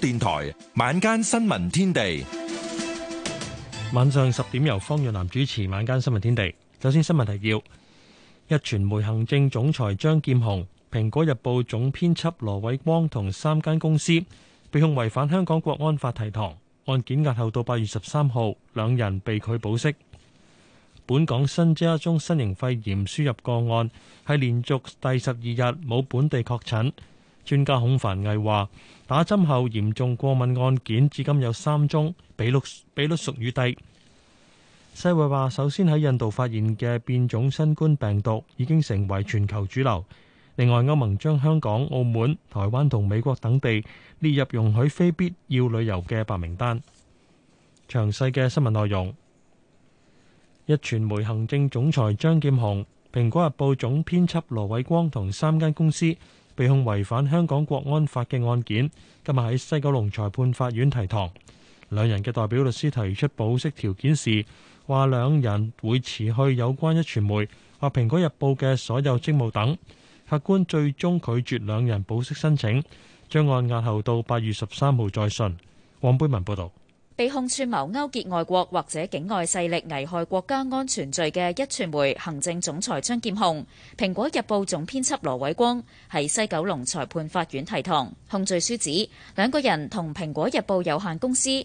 電台晚間新聞天地，晚上十點由方潤南主持。晚間新聞天地，首先新聞提要：壹傳媒行政總裁張劍雄、蘋果日報總編輯羅偉光同三間公司被控違反香港國安法，提堂案件押後到八月十三號，兩人被拒保釋。本港新增一宗新型肺炎輸入個案，係連續第十二日冇本地確診。專家孔繁毅話：打針後嚴重過敏案件至今有三宗，比率比率屬於低。世衛話：首先喺印度發現嘅變種新冠病毒已經成為全球主流。另外，歐盟將香港、澳門、台灣同美國等地列入容許非必要旅遊嘅白名單。詳細嘅新聞內容，壹傳媒行政總裁張劍虹、蘋果日報總編輯羅偉光同三間公司。被控違反香港國安法嘅案件，今日喺西九龍裁判法院提堂。兩人嘅代表律師提出保釋條件時，話兩人會辭去有關一傳媒或《蘋果日報》嘅所有職務等。法官最終拒絕兩人保釋申請，將案押後到八月十三號再訊。黃貝文報導。被控串謀勾結外國或者境外勢力危害國家安全罪嘅一傳媒行政總裁張劍虹、蘋果日報總編輯羅偉光，喺西九龍裁判法院提堂，控罪書指兩個人同蘋果日報有限公司。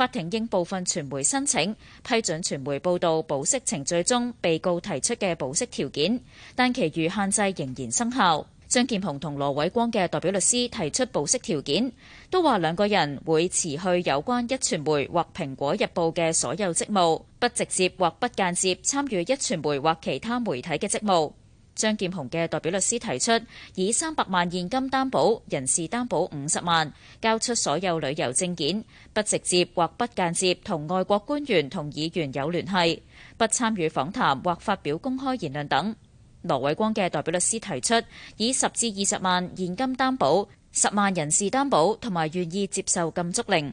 法庭應部分傳媒申請，批准傳媒報道保釋程序中被告提出嘅保釋條件，但其餘限制仍然生效。張劍虹同羅偉光嘅代表律師提出保釋條件，都話兩個人會辭去有關壹傳媒或蘋果日報嘅所有職務，不直接或不間接參與壹傳媒或其他媒體嘅職務。張劍虹嘅代表律師提出以三百萬現金擔保，人事擔保五十萬，交出所有旅遊證件，不直接或不間接同外國官員同議員有聯繫，不參與訪談或發表公開言論等。羅偉光嘅代表律師提出以十至二十萬現金擔保，十萬人事擔保，同埋願意接受禁足令。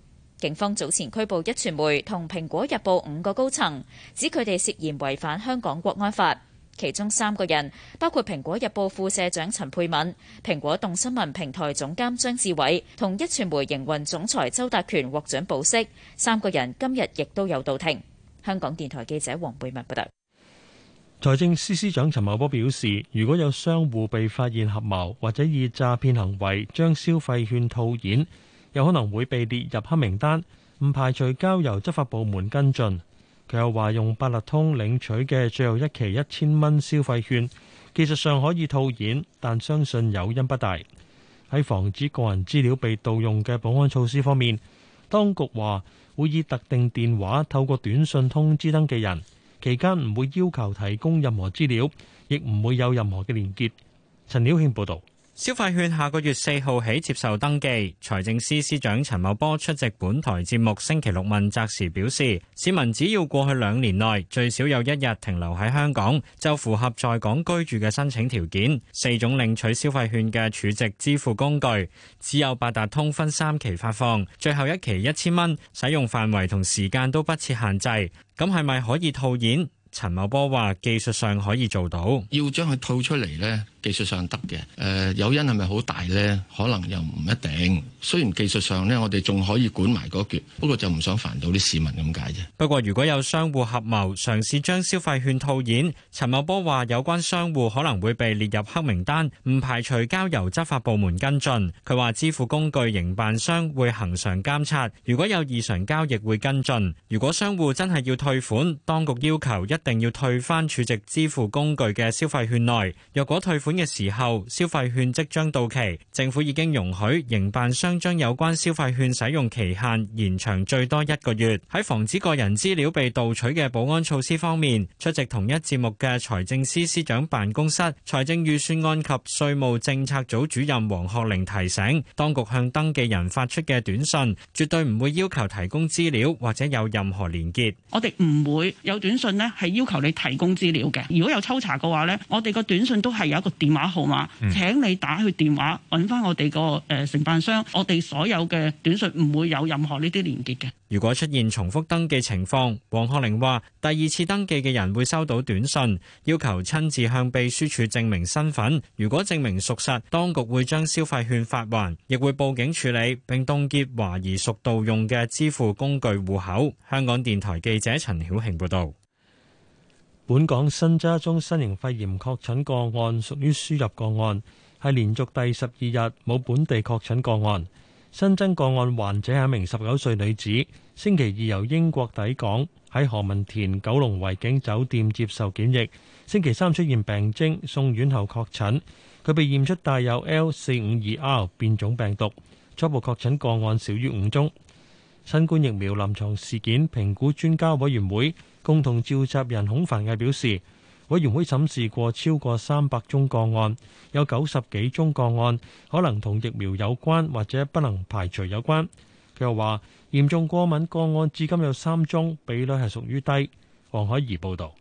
警方早前拘捕壹傳媒同蘋果日報五個高層，指佢哋涉嫌違反香港國安法。其中三個人，包括蘋果日報副社長陳佩敏、蘋果動新聞平台總監張志偉、同壹傳媒營運總裁周達權獲准保釋。三個人今日亦都有到庭。香港電台記者黃貝文報道。財政司司長陳茂波表示，如果有商戶被發現合謀或者以詐騙行為將消費券套現，有可能會被列入黑名單，唔排除交由執法部門跟進。佢又話用八達通領取嘅最後一期一千蚊消費券，技術上可以套現，但相信誘因不大。喺防止個人資料被盜用嘅保安措施方面，當局話會以特定電話透過短信通知登記人，期間唔會要求提供任何資料，亦唔會有任何嘅連結。陳曉慶報導。消費券下個月四號起接受登記，財政司司長陳茂波出席本台節目星期六問責時表示，市民只要過去兩年內最少有一日停留喺香港，就符合在港居住嘅申請條件。四種領取消費券嘅儲值支付工具，只有八達通分三期發放，最後一期一千蚊，使用範圍同時間都不設限制。咁係咪可以套現？陳茂波話：技術上可以做到，要將佢吐出嚟，呢，技術上得嘅。誒、呃，誘因係咪好大呢？可能又唔一定。雖然技術上呢，我哋仲可以管埋嗰，橛，不過就唔想煩到啲市民咁解啫。不過如果有商戶合謀嘗試將消費券，套現，陳茂波話有關商戶可能會被列入黑名單，唔排除交由執法部門跟進。佢話支付工具營辦商會恆常監察，如果有異常交易會跟進。如果商戶真係要退款，當局要求一。定要退翻儲值支付工具嘅消費券內，若果退款嘅時候，消費券即將到期，政府已經容許營辦商將有關消費券使用期限延長最多一個月。喺防止個人資料被盜取嘅保安措施方面，出席同一節目嘅財政司司長辦公室、財政預算案及稅務政策組主任黃學玲提醒，當局向登記人發出嘅短信絕對唔會要求提供資料或者有任何連結。我哋唔會有短信呢係要求你提供資料嘅，如果有抽查嘅話，呢我哋個短信都係有一個電話號碼，請你打去電話揾翻我哋個誒承辦商。我哋所有嘅短信唔會有任何呢啲連結嘅。如果出現重複登記情況，黃學玲話第二次登記嘅人會收到短信，要求親自向秘書處證明身份。如果證明屬實，當局會將消費券發還，亦會報警處理，並凍結懷疑屬盜用嘅支付工具戶口。香港電台記者陳曉慶報道。本港新增一宗新型肺炎確診個案，屬於輸入個案，係連續第十二日冇本地確診個案。新增個案患者係一名十九歲女子，星期二由英國抵港，喺何文田九龍維景酒店接受檢疫，星期三出現病徵，送院後確診。佢被驗出帶有 L 四五二 R 變種病毒。初步確診個案少於五宗。新冠疫苗臨床事件評估專家委員會。共同召集人孔繁毅表示，委員會審視過超過三百宗個案，有九十幾宗個案可能同疫苗有關或者不能排除有關。佢又話嚴重過敏個案至今有三宗，比率係屬於低。黃海怡報道。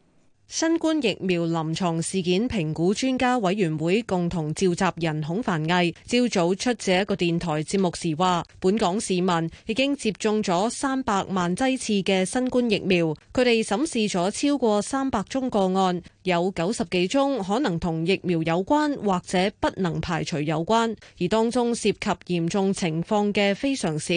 新冠疫苗臨床事件評估專家委員會共同召集人孔凡毅朝早出席一個電台節目時話，本港市民已經接種咗三百萬劑次嘅新冠疫苗，佢哋審視咗超過三百宗個案，有九十幾宗可能同疫苗有關或者不能排除有關，而當中涉及嚴重情況嘅非常少，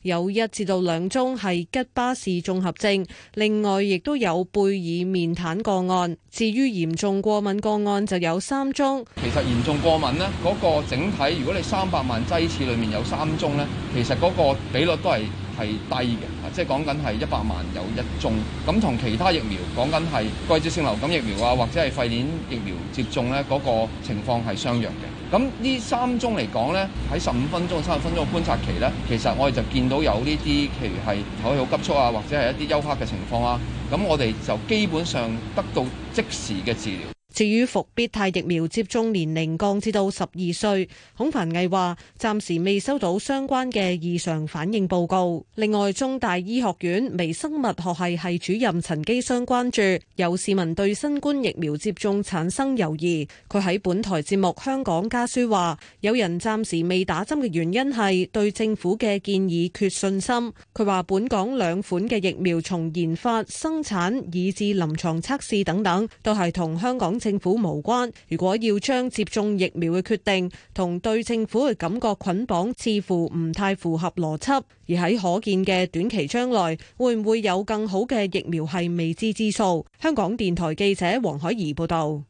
有一至到兩宗係吉巴氏綜合症，另外亦都有貝爾面癱個案，至於嚴重過敏個案就有三宗。其實嚴重過敏呢嗰、那個整體，如果你三百萬劑次裏面有三宗呢，其實嗰個比率都係係低嘅，即係講緊係一百萬有一宗。咁同其他疫苗講緊係季節性流感疫苗啊，或者係肺炎疫苗接種呢嗰、那個情況係相若嘅。咁呢三宗嚟講咧，喺十五分鐘三十分鐘嘅觀察期咧，其實我哋就見到有呢啲譬如係呼吸好急促啊，或者係一啲休克嘅情況啊，咁我哋就基本上得到即時嘅治療。至於復必泰疫苗接種年齡降至到十二歲，孔凡毅話暫時未收到相關嘅異常反應報告。另外，中大醫學院微生物學系系主任陳基湘關注有市民對新冠疫苗接種產生猶疑。佢喺本台節目《香港家書》話，有人暫時未打針嘅原因係對政府嘅建議缺信心。佢話，本港兩款嘅疫苗從研發、生產、以至臨床測試等等，都係同香港，政府無關，如果要將接種疫苗嘅決定同對政府嘅感覺捆綁，似乎唔太符合邏輯。而喺可見嘅短期將來，會唔會有更好嘅疫苗係未知之數。香港電台記者黃海怡報道。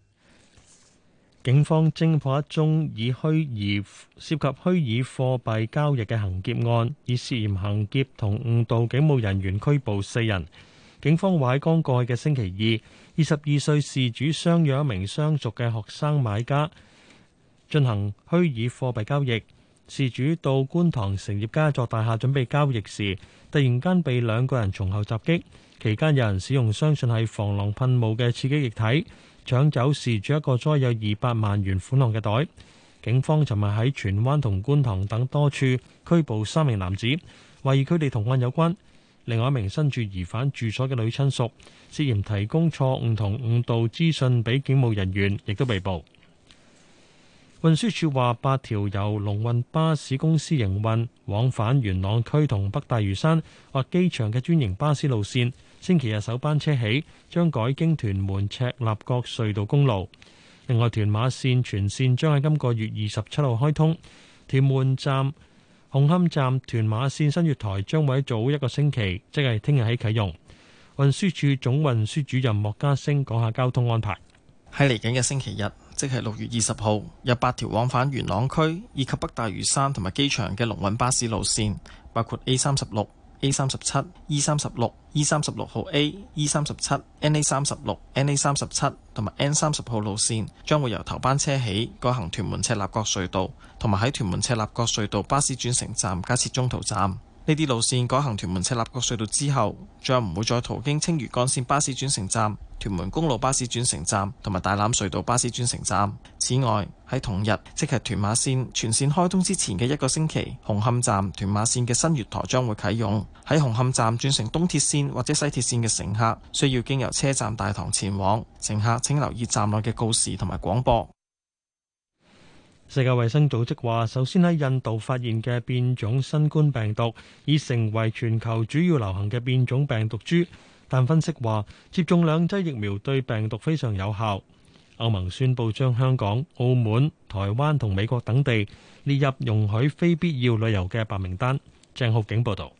警方偵破一宗以虛擬涉及虛擬貨幣交易嘅行劫案，以涉嫌行劫同誤導警務人員拘捕四人。警方話：剛過去嘅星期二，二十二歲事主相約一名相熟嘅學生買家進行虛擬貨幣交易。事主到觀塘成業嘉座大廈準備交易時，突然間被兩個人從後襲擊，期間有人使用相信係防狼噴霧嘅刺激液體，搶走事主一個載有二百萬元款項嘅袋。警方尋日喺荃灣同觀塘等多處拘捕三名男子，懷疑佢哋同案有關。另外一名身住疑犯住所嘅女親屬涉嫌提供錯誤同誤導資訊俾警務人員亦都被捕。運輸署話，八條由龍運巴士公司營運往返元朗區同北大嶼山或機場嘅專營巴士路線星期日首班車起，將改經屯門赤鱲角隧道公路。另外，屯馬線全線將喺今個月二十七號開通，屯門站、紅磡站屯馬線新月台將會早一個星期，即係聽日起啟用。運輸署總運輸主任莫家升講下交通安排。喺嚟緊嘅星期日，即係六月二十號，有八條往返元朗區以及北大嶼山同埋機場嘅龍運巴士路線，包括 A 三十六。A 三十七、E 三十六、E 三十六號、A、E 三十七、N A 三十六、N A 三十七同埋 N 三十號路線，將會由頭班車起改行屯門赤鱲角隧道，同埋喺屯門赤鱲角隧道巴士轉乘站加設中途站。呢啲路線改行屯門赤鱲角隧道之後，將唔會再途經青嶼幹線巴士轉乘站、屯門公路巴士轉乘站同埋大欖隧道巴士轉乘站。此外，喺同日，即係屯馬線全線開通之前嘅一個星期，紅磡站屯馬線嘅新月台將會啟用。喺紅磡站轉乘東鐵線或者西鐵線嘅乘客，需要經由車站大堂前往。乘客請留意站內嘅告示同埋廣播。世界衛生組織話，首先喺印度發現嘅變種新冠病毒，已成為全球主要流行嘅變種病毒株。但分析話，接種兩劑疫苗對病毒非常有效。歐盟宣佈將香港、澳門、台灣同美國等地列入容許非必要旅遊嘅白名單。鄭浩景報導。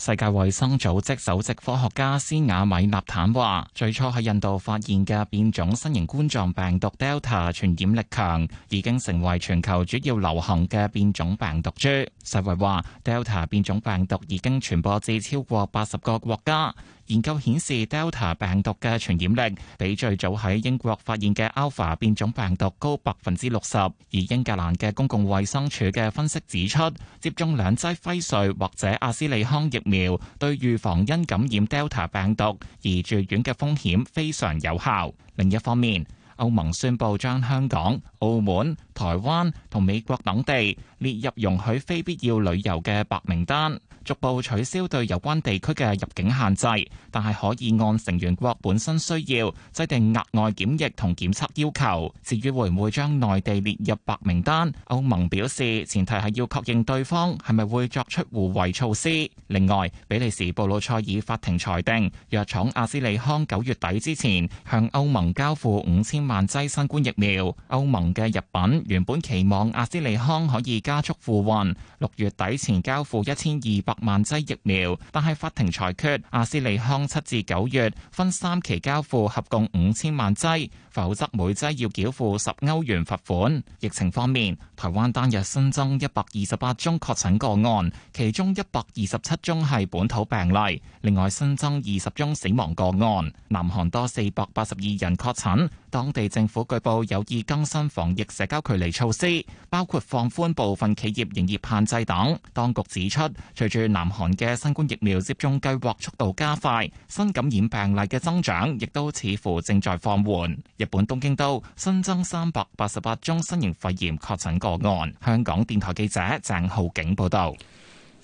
世界衛生組織首席科學家斯亞米納坦話：最初喺印度發現嘅變種新型冠狀病毒 Delta 傳染力強，已經成為全球主要流行嘅變種病毒株。世衞話，Delta 變種病毒已經傳播至超過八十個國家。研究顯示，Delta 病毒嘅傳染力比最早喺英國發現嘅 Alpha 變種病毒高百分之六十。而英格蘭嘅公共衛生署嘅分析指出，接種兩劑輝瑞或者阿斯利康疫苗，對預防因感染 Delta 病毒而住院嘅風險非常有效。另一方面，歐盟宣布將香港、澳門、台灣同美國等地列入容許非必要旅遊嘅白名單。逐步取消對有關地區嘅入境限制，但係可以按成員國本身需要制定額外檢疫同檢測要求。至於會唔會將內地列入白名單，歐盟表示前提係要確認對方係咪會作出互惠措施。另外，比利時布魯塞爾法，爾法庭裁定，藥廠阿斯利康九月底之前向歐盟交付五千萬劑新冠疫苗。歐盟嘅日品原本期望阿斯利康可以加速付運，六月底前交付一千二百百萬劑疫苗，但係法庭裁決，阿斯利康七至九月分三期交付，合共五千萬劑，否則每劑要繳付十歐元罰款。疫情方面，台灣單日新增一百二十八宗確診個案，其中一百二十七宗係本土病例，另外新增二十宗死亡個案。南韓多四百八十二人確診。當地政府據報有意更新防疫社交距離措施，包括放寬部分企業營業限制等。當局指出，隨住南韓嘅新冠疫苗接種計劃速度加快，新感染病例嘅增長亦都似乎正在放緩。日本東京都新增三百八十八宗新型肺炎確診個案。香港電台記者鄭浩景報道。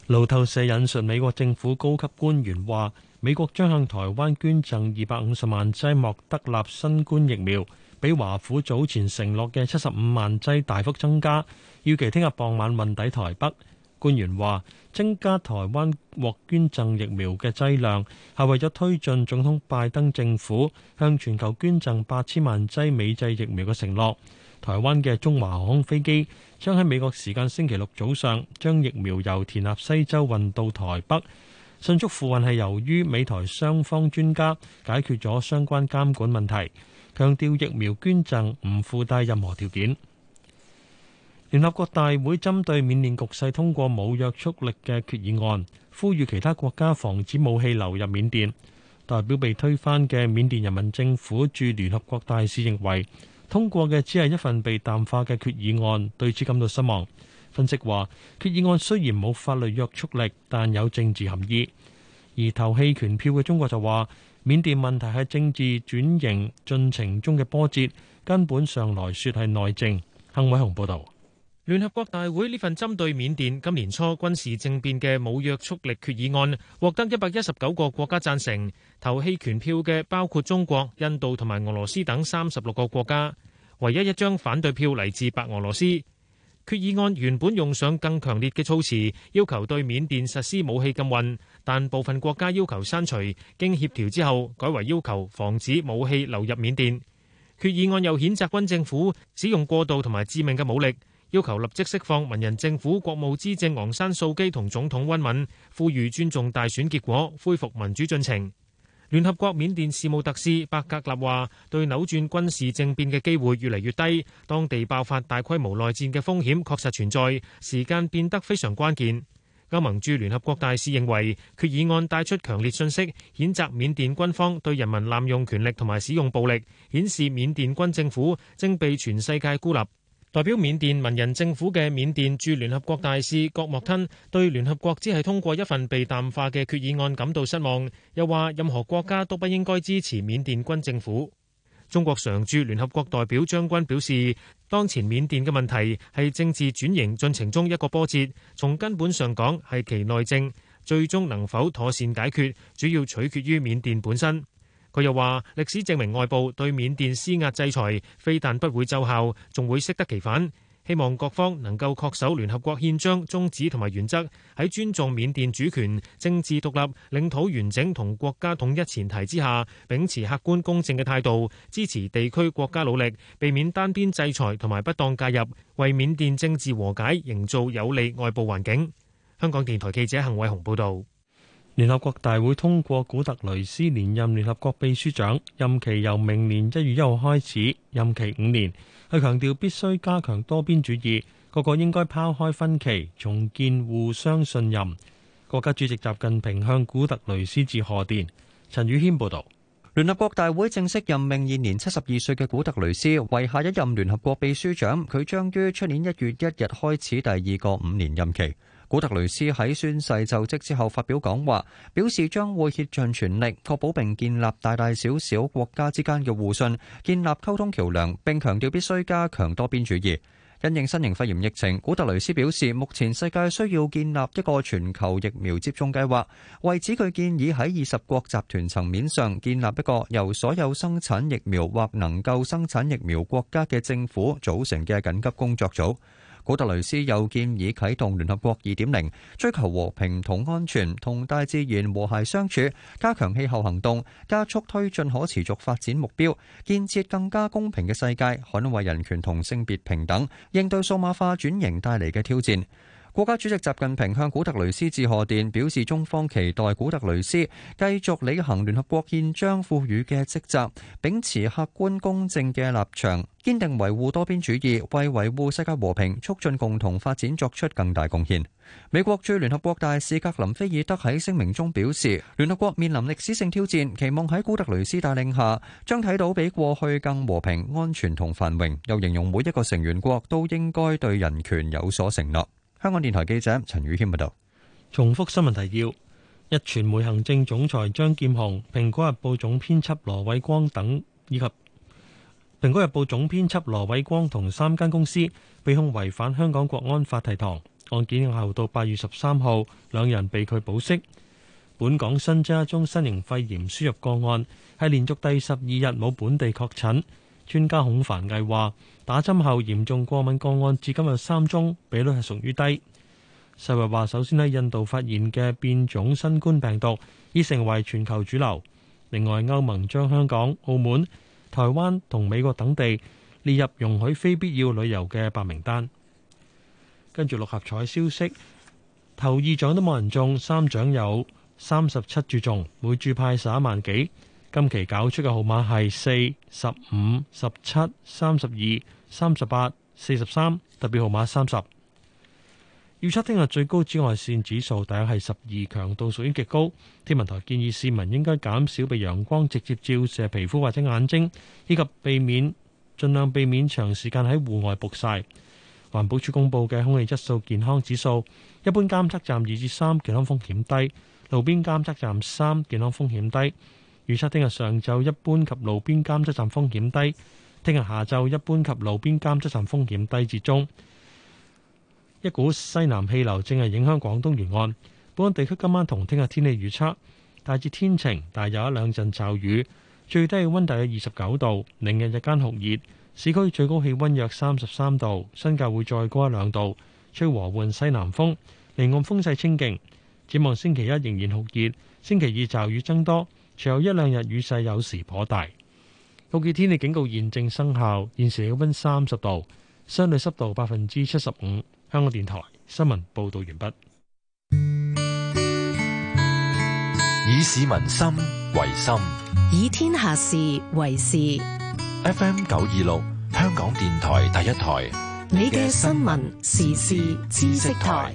路透社引述美國政府高級官員話，美國將向台灣捐贈二百五十萬劑莫德納新冠疫苗，比華府早前承諾嘅七十五萬劑大幅增加，預期聽日傍晚運抵台北。官員話，增加台灣獲捐贈疫苗嘅劑量，係為咗推進總統拜登政府向全球捐贈八千萬劑美製疫苗嘅承諾。台灣嘅中華航空飛機將喺美國時間星期六早上，將疫苗由田納西州運到台北。迅速付運係由於美台雙方專家解決咗相關監管問題，強調疫苗捐贈唔附帶任何條件。聯合國大會針對緬甸局勢通過冇約束力嘅決議案，呼籲其他國家防止武器流入緬甸。代表被推翻嘅緬甸人民政府駐聯合國大使認為，通過嘅只係一份被淡化嘅決議案，對此感到失望。分析話，決議案雖然冇法律約束力，但有政治含義。而投棄權票嘅中國就話，緬甸問題係政治轉型進程中嘅波折，根本上來說係內政。幸偉雄報導，聯合國大會呢份針對緬甸今年初軍事政變嘅冇約束力決議案，獲得一百一十九個國家贊成。投棄權票嘅包括中國、印度同埋俄羅斯等三十六個國家，唯一一張反對票嚟自白俄羅斯。決議案原本用上更強烈嘅措辭，要求對緬甸實施武器禁運，但部分國家要求刪除，經協調之後，改為要求防止武器流入緬甸。決議案又譴責軍政府使用過度同埋致命嘅武力，要求立即釋放文人政府國務資政昂山素基同總統溫敏，呼籲尊重大選結果，恢復民主進程。聯合國緬甸事務特使伯格納話：對扭轉軍事政變嘅機會越嚟越低，當地爆發大規模內戰嘅風險確實存在，時間變得非常關鍵。歐盟駐聯合國大使認為決議案帶出強烈訊息，譴責緬甸軍方對人民濫用權力同埋使用暴力，顯示緬甸軍政府正被全世界孤立。代表緬甸文人政府嘅緬甸駐聯合國大使郭莫吞對聯合國只係通過一份被淡化嘅決議案感到失望，又話任何國家都不應該支持緬甸軍政府。中國常駐聯合國代表張軍表示，當前緬甸嘅問題，係政治轉型進程中一個波折，從根本上講，係其內政，最終能否妥善解決，主要取決於緬甸本身。佢又話：歷史證明，外部對緬甸施壓制裁，非但不會奏效，仲會適得其反。希望各方能夠恪守聯合國憲章宗旨同埋原則，喺尊重緬甸主權、政治獨立、領土完整同國家統一前提之下，秉持客觀公正嘅態度，支持地區國家努力，避免單邊制裁同埋不當介入，為緬甸政治和解營造有利外部環境。香港電台記者幸偉雄報道。聯合國大會通過古特雷斯連任聯合國秘書長，任期由明年一月一號開始，任期五年。佢強調必須加強多邊主義，個個應該拋開分歧，重建互相信任。國家主席習近平向古特雷斯致賀電。陳宇軒報導，聯合國大會正式任命現年七十二歲嘅古特雷斯為下一任聯合國秘書長，佢將於出年一月一日開始第二個五年任期。古特雷斯喺宣誓就職之後發表講話，表示將會竭盡全力，確保並建立大大小小國家之間嘅互信，建立溝通橋樑，並強調必須加強多邊主義。因應新型肺炎疫情，古特雷斯表示，目前世界需要建立一個全球疫苗接種計劃，為此佢建議喺二十國集團層面上建立一個由所有生產疫苗或能夠生產疫苗國家嘅政府組成嘅緊急工作組。古特雷斯又建議啟動聯合國2.0，追求和平同安全，同大自然和諧相處，加強氣候行動，加速推進可持續發展目標，建設更加公平嘅世界，捍衛人權同性別平等，應對數碼化轉型帶嚟嘅挑戰。國家主席習近平向古特雷斯致賀電，表示中方期待古特雷斯繼續履行聯合國憲章賦予嘅職責，秉持客觀公正嘅立場，堅定維護多邊主義，為維護世界和平、促進共同發展作出更大貢獻。美國駐聯合國大使格林菲爾德喺聲明中表示，聯合國面臨歷史性挑戰，期望喺古特雷斯帶領下，將睇到比過去更和平、安全同繁榮，又形容每一個成員國都應該對人權有所承諾。香港電台記者陳宇謙報道。重複新聞提要，壹傳媒行政總裁張劍虹、蘋果日報總編輯羅偉光等，以及蘋果日報總編輯羅偉光同三間公司被控違反香港國安法，提堂案件後到八月十三號，兩人被拒保釋。本港新增一宗新型肺炎輸入個案，係連續第十二日冇本地確診。專家孔繁毅話。打針後嚴重過敏個案至今日三宗，比率係屬於低。世衞話，首先喺印度發現嘅變種新冠病毒，已成為全球主流。另外，歐盟將香港、澳門、台灣同美國等地列入容許非必要旅遊嘅白名單。跟住六合彩消息，頭二獎都冇人中，三獎有三十七注中，每注派十一萬幾。今期搞出嘅號碼係四、十五、十七、三十二、三十八、四十三，特別號碼三十。預測聽日最高紫外綫指數大約係十二，強度屬於極高。天文台建議市民應該減少被陽光直接照射皮膚或者眼睛，以及避免盡量避免長時間喺戶外曝曬。環保署公布嘅空氣質素健康指數，一般監測站二至三，健康風險低；路邊監測站三，健康風險低。預測聽日上晝一般及路邊監測站風險低，聽日下晝一般及路邊監測站風險低至中。一股西南氣流正係影響廣東沿岸，本港地區今晚同聽日天氣預測大致天晴，但有一兩陣驟雨，最低氣溫大約二十九度，明日日間酷熱，市區最高氣溫約三十三度，新界會再高一兩度，吹和緩西南風，離岸風勢清勁。展望星期一仍然酷熱，星期二驟雨增多。隨後一兩日雨勢有時頗大，酷熱天氣警告現正生效。現時氣溫三十度，相對濕度百分之七十五。香港電台新聞報道完畢。以市民心為心，以天下事為事。FM 九二六，香港電台第一台，你嘅新聞時事知識台。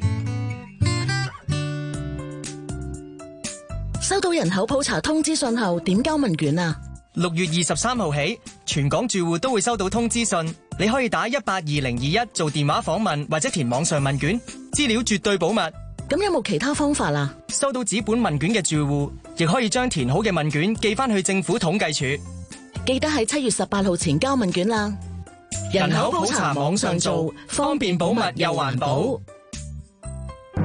收到人口普查通知信後，點交問卷啊？六月二十三號起，全港住戶都會收到通知信，你可以打一八二零二一做電話訪問，或者填網上問卷，資料絕對保密。咁有冇其他方法啊？收到紙本問卷嘅住戶，亦可以將填好嘅問卷寄翻去政府統計處，記得喺七月十八號前交問卷啦。人口,人口普查網上做，方便保密又環保。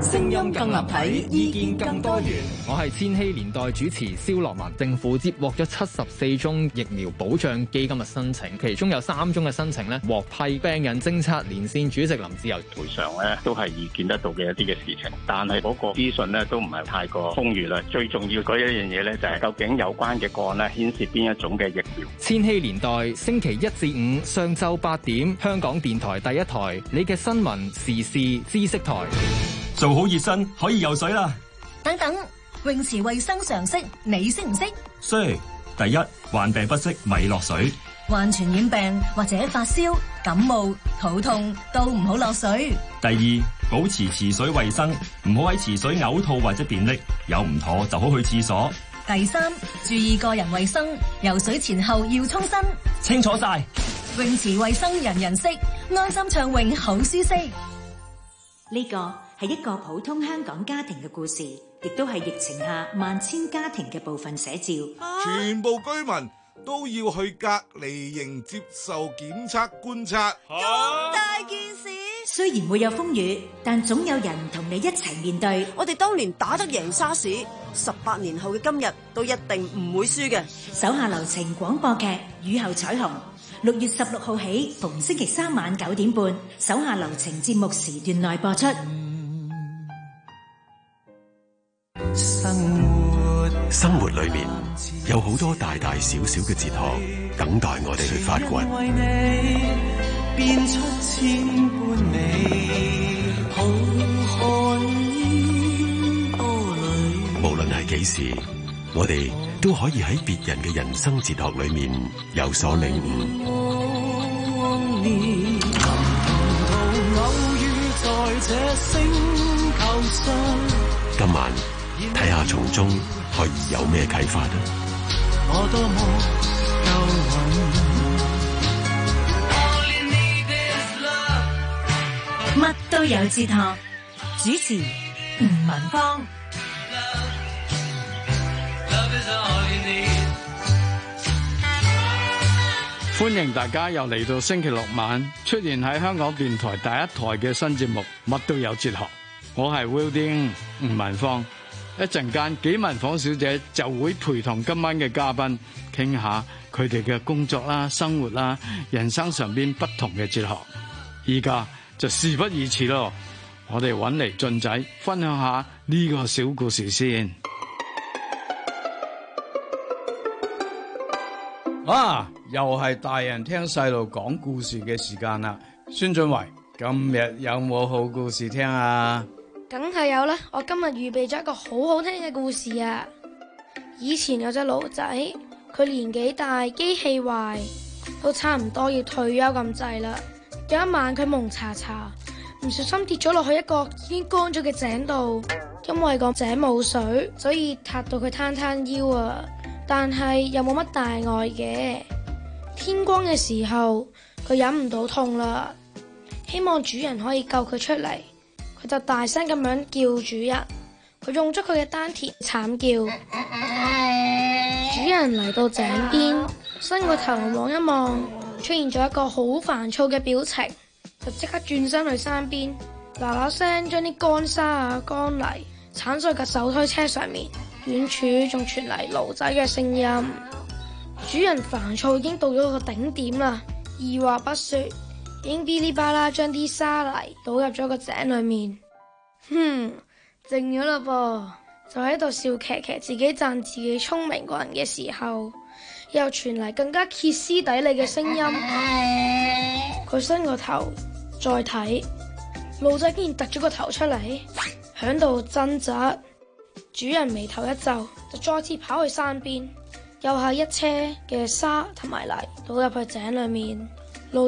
聲音更立體，意見更多元。我係千禧年代主持肖羅文。政府接獲咗七十四宗疫苗保障基金嘅申請，其中有三宗嘅申請呢獲批。病人政策連線主席林志游賠償呢都係意見得到嘅一啲嘅事情，但係嗰個資訊呢都唔係太過豐裕啦。最重要嗰一樣嘢呢，就係、是、究竟有關嘅個案呢牽涉邊一種嘅疫苗。千禧年代星期一至五上晝八點，香港電台第一台，你嘅新聞時事知識台。做好熱身可以游水啦。等等，泳池衛生常識你識唔識？識第一，患病不適咪落水。患傳染病或者發燒、感冒、肚痛都唔好落水。第二，保持池水衛生，唔好喺池水嘔吐或者便溺，有唔妥就好去廁所。第三，注意個人衛生，游水前後要沖身。清楚晒泳池衛生，人人識，安心暢泳好舒適。呢個。係一個普通香港家庭嘅故事，亦都係疫情下萬千家庭嘅部分寫照。全部居民都要去隔離營接受檢測觀察，咁大件事。雖然會有風雨，但總有人同你一齊面對。我哋當年打得贏沙士，十八年後嘅今日都一定唔會輸嘅。手下留情廣播劇《雨後彩虹》，六月十六號起，逢星期三晚九點半，手下留情節目時段內播出。生活裏面有好多大大小小嘅哲學，等待我哋去發掘。 無論係幾時，我哋都可以喺別人嘅人生哲學裏面有所領悟。 今晚睇下從中。可有咩啟發？咧？乜都有哲學。主持吳文芳。歡迎大家又嚟到，星期六晚出現喺香港電台第一台嘅新節目《乜都有哲學》，我 Dean，吳，我係 Will Ding 吳文芳。一陣間，紀文房小姐就會陪同今晚嘅嘉賓，傾下佢哋嘅工作啦、生活啦、人生上邊不同嘅哲學。而家就事不宜遲咯，我哋揾嚟俊仔分享下呢個小故事先。啊，又係大人聽細路講故事嘅時間啦！孫俊偉，今日有冇好故事聽啊？係有啦，我今日預備咗一個好好聽嘅故事啊！以前有隻驢仔，佢年紀大，機器壞，都差唔多要退休咁滯啦。有一晚佢蒙查查，唔小心跌咗落去一個已經乾咗嘅井度，因為個井冇水，所以塌到佢攤攤腰啊！但係又冇乜大礙嘅。天光嘅時候，佢忍唔到痛啦，希望主人可以救佢出嚟。就大聲咁樣叫主人，佢用咗佢嘅丹田慘叫。 主人嚟到井邊，伸個頭望一望，出現咗一個好煩躁嘅表情，就即刻轉身去山邊，嗱嗱聲將啲乾沙啊、乾泥鏟咗喺架手推車上面。遠處仲傳嚟驢仔嘅聲音。主人煩躁已經到咗個頂點啦，二話不說。已經嗶哩吧啦，將啲沙泥倒入咗個井裏面。哼，靜咗啦噃，就喺度笑騎騎，自己讚自己聰明過人嘅時候，又傳嚟更加歇斯底里嘅聲音。佢、啊、伸個頭再睇，驢仔竟然突咗個頭出嚟，響度掙扎。主人眉頭一皺，就再次跑去山邊，又係一車嘅沙同埋泥倒入去井裏面。